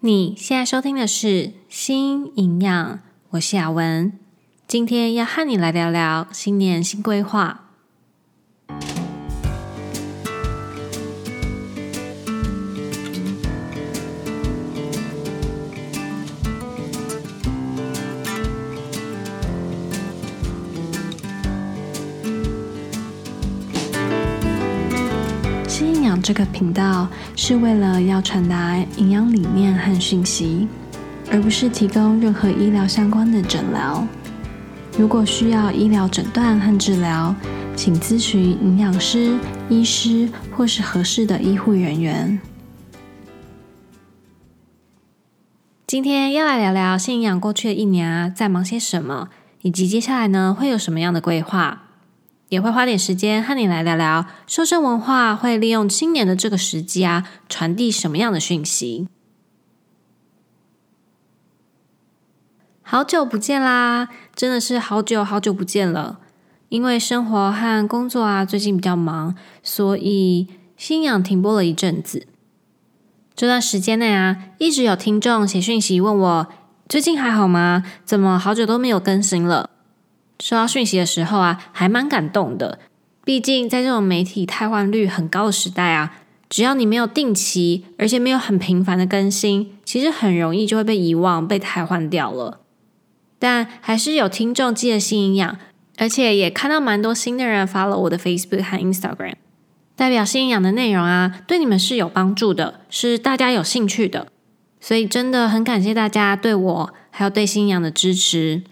你現在收聽的是《心營養》，我是雅雯，今天要和你來聊聊新年新規劃。這個頻道是為了要傳達營養理念和訊息，而不是提供任何醫療相關的診療。如果需要醫療診斷和治療，請諮詢營養師、醫師或是合適的醫護人員。今天要來聊聊心營養過去的一年啊，在忙些什麼，以及接下來呢，會有什麼樣的規劃。也會花點時間和你來聊聊，瘦身文化會利用新年的這個時機啊，傳遞什麼樣的訊息？好久不見啦，真的是好久好久不見了。因為生活和工作啊，最近比較忙，所以心營養停播了一陣子。這段時間內啊，一直有聽眾寫訊息問我，最近還好嗎？怎麼好久都沒有更新了？收到訊息的時候啊，還蠻感動的。畢竟在這種媒體汰換率很高的時代啊，只要你沒有定期，而且沒有很頻繁的更新，其實很容易就會被遺忘、被汰換掉了。但還是有聽眾記得心營養，而且也看到蠻多新的人 follow 我的 Facebook 和 Instagram，代表心營養的內容啊，對你們是有幫助的，是大家有興趣的。所以真的很感謝大家對我還有對心營養的支持。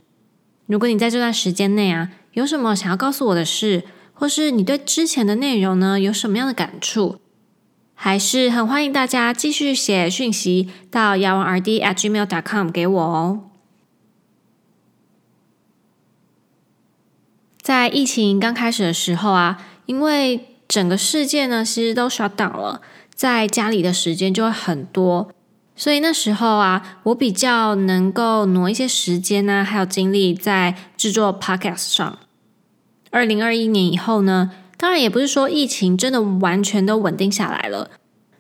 如果你在這段時間內啊，有什麼想要告訴我的事，或是你對之前的內容呢，有什麼樣的感觸，還是很歡迎大家繼續寫訊息到 yawenrdn at gmail dot com 給我哦。在疫情剛開始的時候啊，因為整個世界呢，其實都 shut down 了，在家裡的時間就會很多。所以那時候啊，我比較能夠挪一些時間呢、啊，還有精力在製作 Podcast 上。二零二一年以後呢，當然也不是說疫情真的完全都穩定下來了，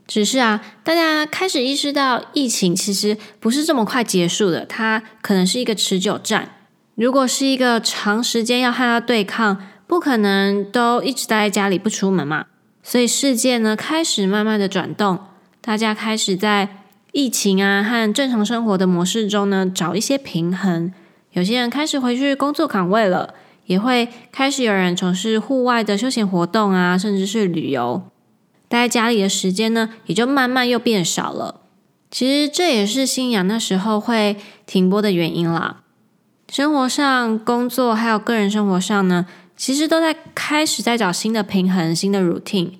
只是啊，大家開始意識到疫情其實不是這麼快結束的，它可能是一個持久戰。如果是一個長時間要和它對抗，不可能都一直待在家裡不出門嘛。所以世界呢開始慢慢的轉動，大家開始在疫情啊和正常生活的模式中呢，找一些平衡。有些人開始回去工作崗位了，也會開始有人從事戶外的休閒活動啊，甚至是旅遊。待在家裡的時間呢，也就慢慢又變少了。其實這也是心營養那時候會停播的原因啦。生活上、工作還有個人生活上呢，其實都在開始在找新的平衡、新的 routine，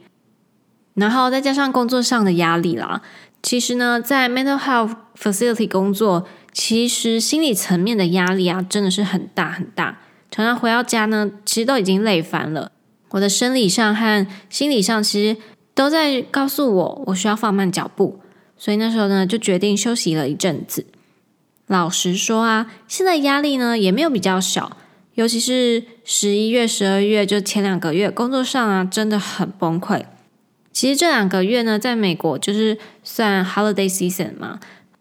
然後再加上工作上的壓力啦。其實呢，在 mental health facility 工作，其實心理層面的壓力啊，真的是很大很大。常常回到家呢，其實都已經累翻了。我的生理上和心理上，其實都在告訴我，我需要放慢腳步。所以那時候呢，就決定休息了一陣子。老實說啊，現在壓力呢也沒有比較小，尤其是十一月、十二月就前兩個月，工作上啊真的很崩潰。其實這兩個月呢，在美國就是算 holiday season 嘛，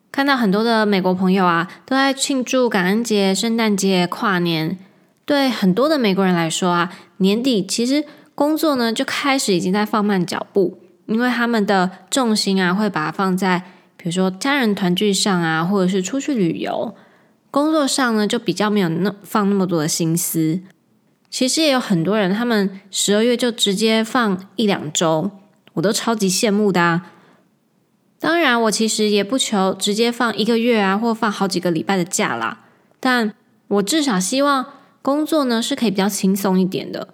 看到很多的美國朋友啊，都在慶祝感恩節、聖誕節、跨年。對很多的美國人來說啊，年底其實工作呢就開始已經在放慢腳步，因為他們的重心啊會把它放在比如說家人團聚上啊，或者是出去旅遊。工作上呢就比較沒有那放那麼多的心思。其實也有很多人，他們十二月就直接放一兩周，我都超級羨慕的啊。當然，我其實也不求直接放一個月啊，或放好幾個禮拜的假啦。但我至少希望工作呢，是可以比較輕鬆一點的。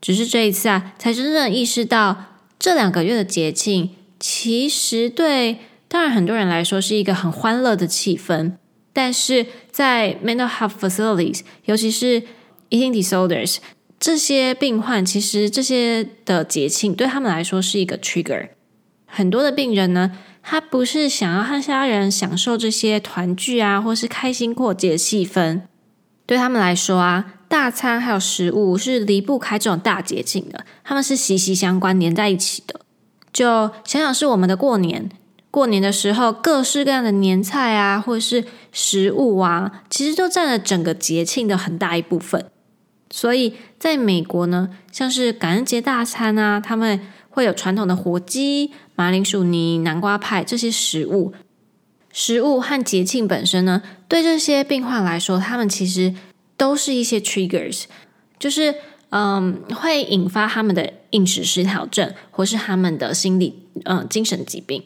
只是這一次啊，才真正意識到這兩個月的節慶，其實對當然很多人來說是一個很歡樂的氣氛，但是在 mental health facilities，尤其是 eating disorders。這些病患其實，這些的節慶對他們來說是一個 trigger。很多的病人呢，他不是想要和家人享受這些團聚啊，或是開心過節的氣氛。對他們來說啊，大餐還有食物是離不開這種大節慶的，他們是息息相關連在一起的。就想想是我們的過年，過年的時候各式各樣的年菜啊，或是食物啊，其實都占了整個節慶的很大一部分。所以，在美國呢，像是感恩節大餐啊，他們會有傳統的火雞、馬鈴薯泥、南瓜派這些食物。食物和節慶本身呢，對這些病患來說，他們其實都是一些 triggers，就是嗯，會引發他們的飲食失調症，或是他們的心理嗯精神疾病。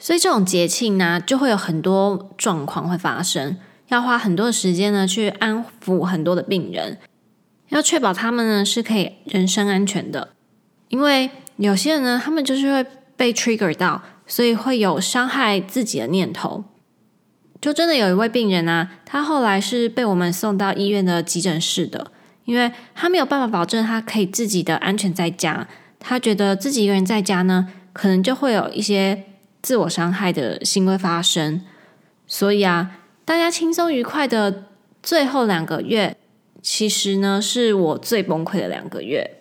所以，這種節慶呢，就會有很多狀況會發生，要花很多的時間呢，去安撫很多的病人。要確保他們呢是可以人身安全的，因為有些人呢，他們就是會被 trigger 到，所以會有傷害自己的念頭。就真的有一位病人啊，他後來是被我們送到醫院的急診室的，因為他沒有辦法保證他可以自己的安全在家，他覺得自己一個人在家呢，可能就會有一些自我傷害的行為發生。所以啊，大家輕鬆愉快的最後兩個月。其實呢，是我最崩潰的兩個月。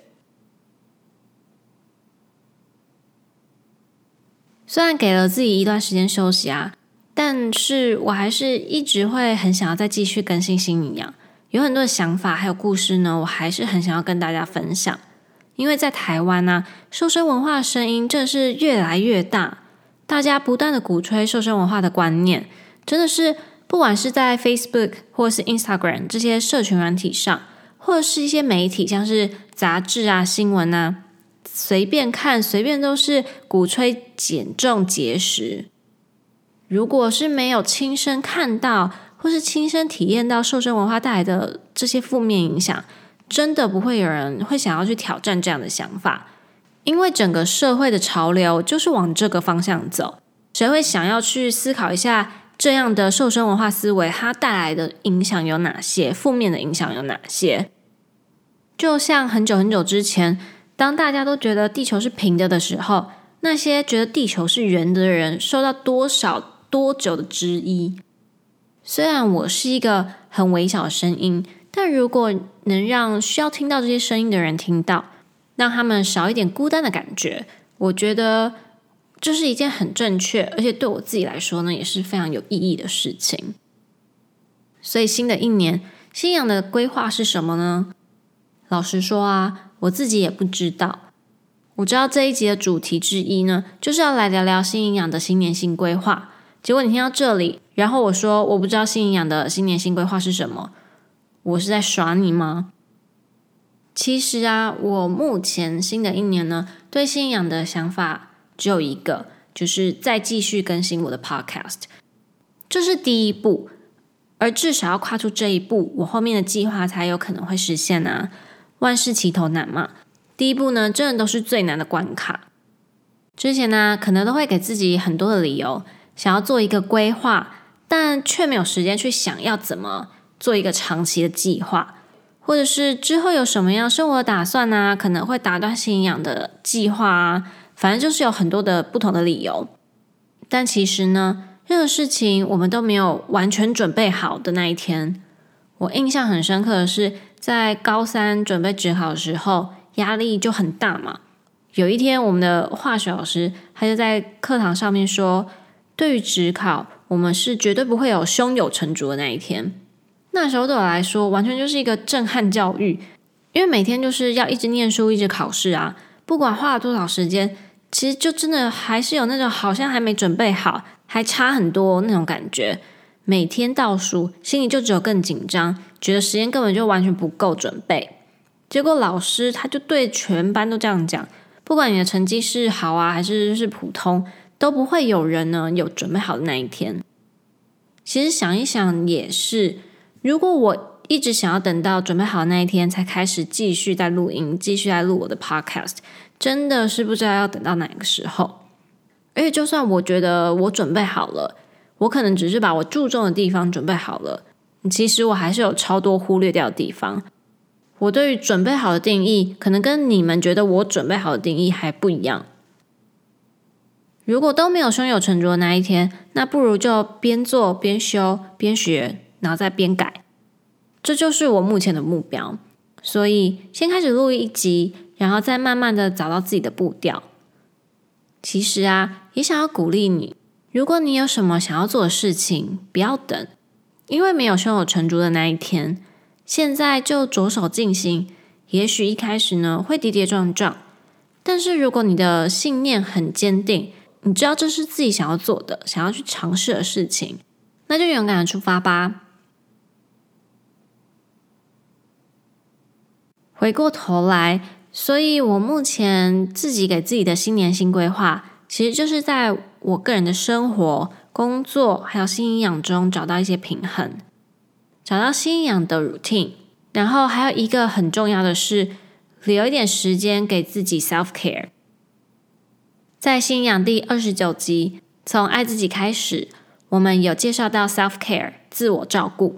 雖然給了自己一段時間休息啊，但是我還是一直會很想要再繼續更新心營養，有很多的想法還有故事呢，我還是很想要跟大家分享。因為在台灣啊，瘦身文化的聲音真的是越來越大，大家不斷的鼓吹瘦身文化的觀念，真的是。不管是在 Facebook 或是 Instagram 這些社群軟體上，或者是一些媒體，像是雜誌啊、新聞啊，隨便看隨便都是鼓吹減重節食。如果是沒有親身看到，或是親身體驗到瘦身文化帶來的這些負面影響，真的不會有人會想要去挑戰這樣的想法，因為整個社會的潮流就是往這個方向走。誰會想要去思考一下？這樣的瘦身文化思維，它帶來的影響有哪些？負面的影響有哪些？就像很久很久之前，當大家都覺得地球是平的的時候，那些覺得地球是圓的人受到多少多久的質疑？雖然我是一個很微小的聲音，但如果能讓需要聽到這些聲音的人聽到，讓他們少一點孤單的感覺，我覺得。這、就是一件很正確，而且對我自己來說呢，也是非常有意義的事情。所以，新的一年心營養的規劃是什麼呢？老實說啊，我自己也不知道。我知道這一集的主題之一呢，就是要來聊聊心營養的新年新規劃。結果你聽到這裡，然後我說我不知道心營養的新年新規劃是什麼，我是在耍你嗎？其實啊，我目前新的一年呢，對心營養的想法。只有一個，就是再繼續更新我的 Podcast，這是第一步，而至少要跨出這一步，我後面的計劃才有可能會實現呢、啊。萬事起頭難嘛，第一步呢，真的都是最難的關卡。之前呢，可能都會給自己很多的理由，想要做一個規劃，但卻沒有時間去想要怎麼做一個長期的計劃，或者是之後有什麼樣生活的打算呢、啊？可能會打斷心營養的計劃啊。反正就是有很多的不同的理由，但其實呢，任何事情我們都沒有完全準備好的那一天。我印象很深刻的是，在高三準備指考的時候，壓力就很大嘛。有一天，我們的化學老師他就在課堂上面說：“對於指考，我們是絕對不會有胸有成竹的那一天。”那時候對我來說，完全就是一個震撼教育，因為每天就是要一直念書，一直考試啊，不管花了多少時間。其實就真的還是有那種好像還沒準備好，還差很多、哦、那種感覺。每天倒數，心裡就只有更緊張，覺得時間根本就完全不夠準備。結果老師他就對全班都這樣講，不管你的成績是好啊，還是是普通，都不會有人呢有準備好的那一天。其實想一想也是，如果我一直想要等到準備好的那一天才開始繼續在錄音，繼續在錄我的 podcast。真的是不知道要等到哪個時候，而且就算我覺得我準備好了，我可能只是把我注重的地方準備好了，其實我還是有超多忽略掉的地方。我對於準備好的定義，可能跟你們覺得我準備好的定義還不一樣。如果都沒有胸有成竹的那一天，那不如就邊做邊修邊學，然後再邊改。這就是我目前的目標，所以先開始錄一集。然後再慢慢的找到自己的步調。其實啊，也想要鼓勵你，如果你有什麼想要做的事情，不要等，因為沒有胸有成竹的那一天。現在就着手進行，也許一開始呢，會跌跌撞撞，但是如果你的信念很堅定，你知道這是自己想要做的、想要去嘗試的事情，那就勇敢的出發吧。回過頭來。所以，我目前自己給自己的新年新規劃，其實就是在我個人的生活、工作，還有心營養中找到一些平衡，找到心營養的 routine。然後還有一個很重要的是，留一點時間給自己 self care。在心營養第二十九集，從愛自己開始，我們有介紹到 self care，自我照顧，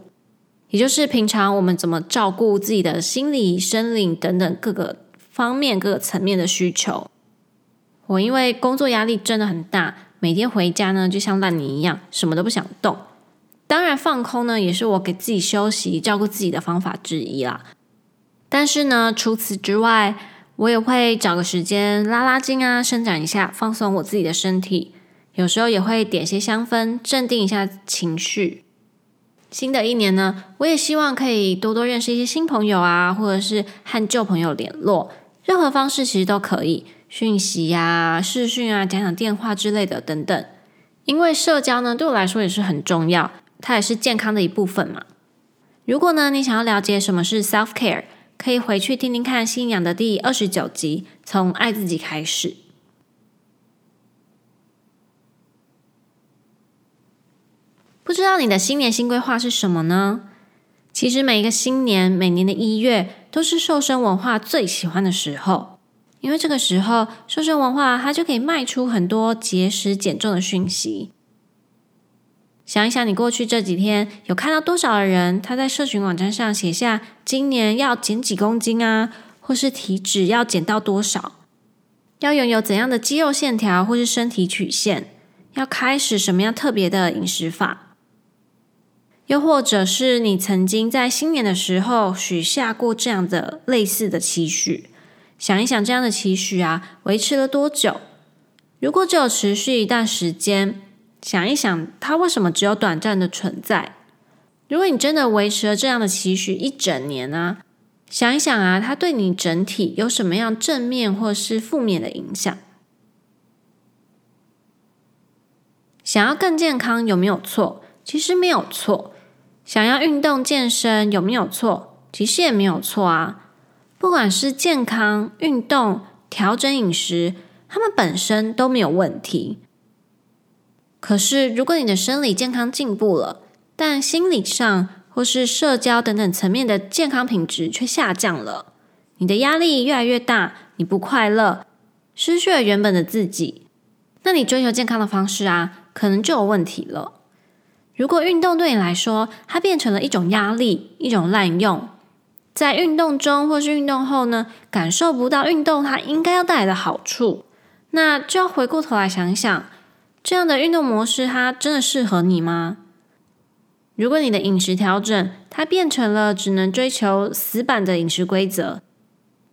也就是平常我們怎麼照顧自己的心理、生理等等各個。方面各個層面的需求。我因為工作壓力真的很大，每天回家呢就像爛泥一樣，什麼都不想動。當然，放空呢也是我給自己休息、照顧自己的方法之一啦。但是呢，除此之外，我也會找個時間拉拉筋啊，伸展一下，放鬆我自己的身體。有時候也會點些香氛，鎮定一下情緒。新的一年呢，我也希望可以多多認識一些新朋友啊，或者是和舊朋友聯絡。任何方式其實都可以，訊息呀、啊、視訊啊、講講電話之類的等等。因為社交呢，對我來說也是很重要，它也是健康的一部分嘛。如果呢，你想要了解什麼是 self care，可以回去聽聽看《心營養》的第二十九集，從愛自己開始。不知道你的新年新規劃是什麼呢？其實每一個新年，每年的一月。都是瘦身文化最喜歡的時候，因為這個時候瘦身文化它就可以賣出很多節食減重的訊息。想一想，你過去這幾天有看到多少人他在社群網站上寫下今年要減幾公斤啊，或是體脂要減到多少，要擁有怎樣的肌肉線條或是身體曲線，要開始什麼樣特別的飲食法。又或者是你曾經在新年的時候許下過這樣的類似的期許，想一想這樣的期許啊，維持了多久？如果只有持續一段時間，想一想它為什麼只有短暫的存在？如果你真的維持了這樣的期許一整年啊，想一想啊，它對你整體有什麼樣正面或是負面的影響？想要更健康有沒有錯？其實沒有錯。想要運動健身有沒有錯？其實也沒有錯啊。不管是健康運動、調整飲食，他們本身都沒有問題。可是，如果你的生理健康進步了，但心理上或是社交等等層面的健康品質卻下降了，你的壓力越來越大，你不快樂，失去了原本的自己，那你追求健康的方式啊，可能就有問題了。如果運動對你來說，它變成了一種壓力，一種濫用，在運動中或是運動後呢，感受不到運動它應該要帶來的好處，那就要回過頭來想想，這樣的運動模式它真的適合你嗎？如果你的飲食調整，它變成了只能追求死板的飲食規則，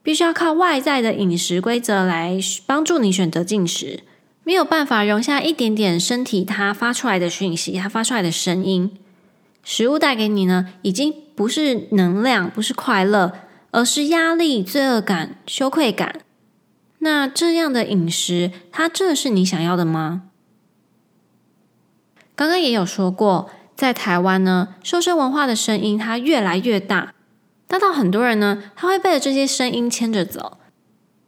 必須要靠外在的飲食規則來幫助你選擇進食，沒有辦法容下一點點身體，它發出來的訊息，它發出來的聲音，食物帶給你呢，已經不是能量，不是快樂，而是壓力、罪惡感、羞愧感。那這樣的飲食，它真的是你想要的嗎？剛剛也有說過，在台灣呢，瘦身文化的聲音它越來越大，大到很多人呢，他會被這些聲音牽着走，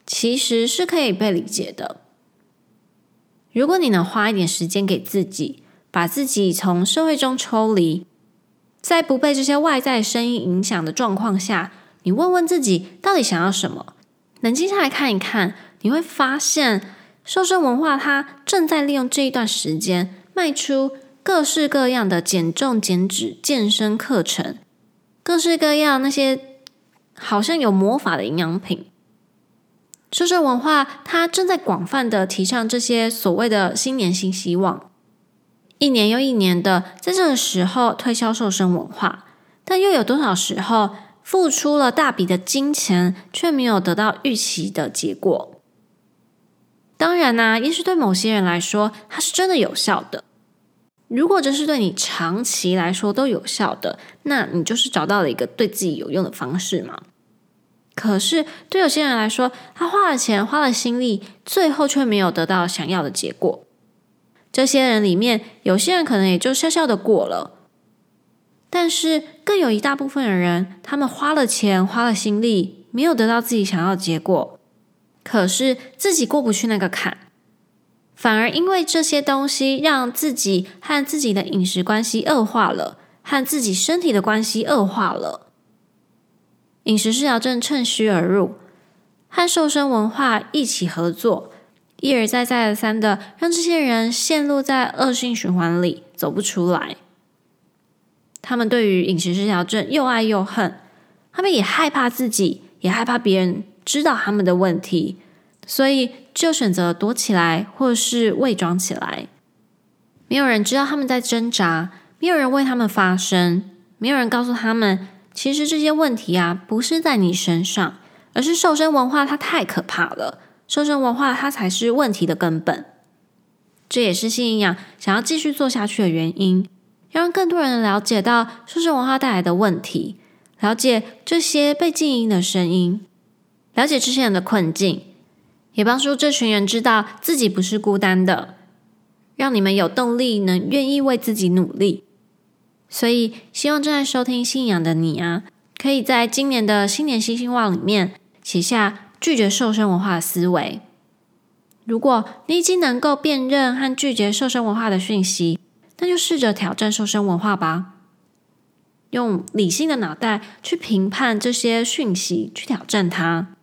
其實是可以被理解的。如果你能花一點時間給自己，把自己從社會中抽離，在不被這些外在聲音影響的狀況下，你問問自己到底想要什麼，冷靜下來看一看，你會發現瘦身文化它正在利用這一段時間賣出各式各樣的減重、減脂、健身課程，各式各樣那些好像有魔法的營養品。瘦身文化，它正在廣泛的提倡這些所謂的新年新希望，一年又一年的在這個時候推銷瘦身文化，但又有多少時候付出了大筆的金錢卻沒有得到預期的結果？當然啦、啊，也許對某些人來說，它是真的有效的。如果這是對你長期來說都有效的，那你就是找到了一個對自己有用的方式嘛。可是，對有些人來說，他花了錢，花了心力，最後卻沒有得到想要的結果。這些人裡面，有些人可能也就笑笑的過了。但是，更有一大部分的人，他們花了錢，花了心力，沒有得到自己想要的結果，可是自己過不去那個坎，反而因為這些東西，讓自己和自己的飲食關係惡化了，和自己身體的關係惡化了。飲食失調症趁虛而入，和瘦身文化一起合作，一而再、再而三的讓這些人陷入在惡性循環裡，走不出來。他們對於飲食失調症又愛又恨，他們也害怕自己，也害怕別人知道他們的問題，所以就選擇躲起來，或是偽裝起來。沒有人知道他們在掙扎，沒有人為他們發聲，沒有人告訴他們。其實這些問題啊，不是在你身上，而是瘦身文化它太可怕了。瘦身文化它才是問題的根本。這也是心營養想要繼續做下去的原因，要讓更多人了解到瘦身文化帶來的問題，了解這些被靜音的聲音，了解這些人的困境，也幫助這群人知道自己不是孤單的，讓你們有動力能願意為自己努力。所以，希望正在收聽心營養的你啊，可以在今年的新年新希望裡面寫下拒絕瘦身文化的思維。如果你已經能夠辨認和拒絕瘦身文化的訊息，那就試着挑戰瘦身文化吧。用理性的腦袋去評判這些訊息，去挑戰它。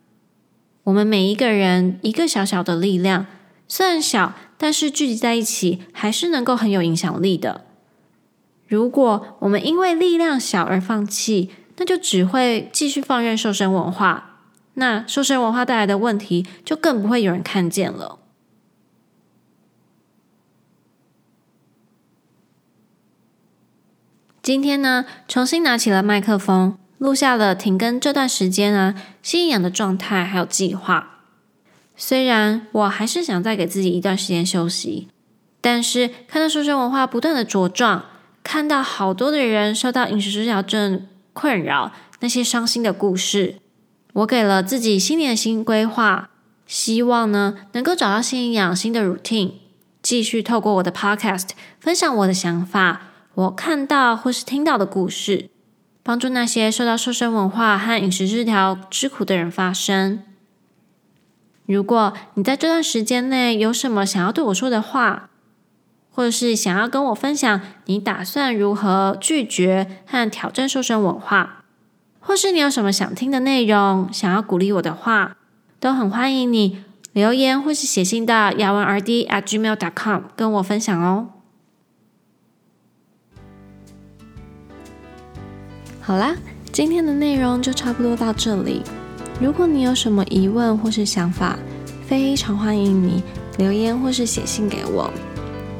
我們每一個人一個小小的力量，雖然小，但是聚集在一起，還是能夠很有影響力的。如果我們因為力量小而放棄，那就只會繼續放任瘦身文化。那瘦身文化帶來的問題，就更不會有人看見了。今天呢，重新拿起了麥克風，錄下了停更這段時間啊，心營養的狀態還有計劃。雖然我還是想再給自己一段時間休息，但是看到瘦身文化不斷的茁壯。看到好多的人受到飲食失調症困擾，那些傷心的故事，我給了自己新年新規劃，希望呢能夠找到心營養、新的 routine，繼續透過我的 podcast 分享我的想法，我看到或是聽到的故事，幫助那些受到瘦身文化和飲食失調之苦的人發聲。如果你在這段時間內有什麼想要對我說的話，或是想要跟我分享你打算如何拒絕和挑戰瘦身文化，或是你有什麼想聽的內容，想要鼓勵我的話，都很歡迎你留言或是寫信到雅文 RD at gmail dot com 跟我分享哦。好啦，今天的內容就差不多到這裡。如果你有什麼疑問或是想法，非常歡迎你留言或是寫信給我。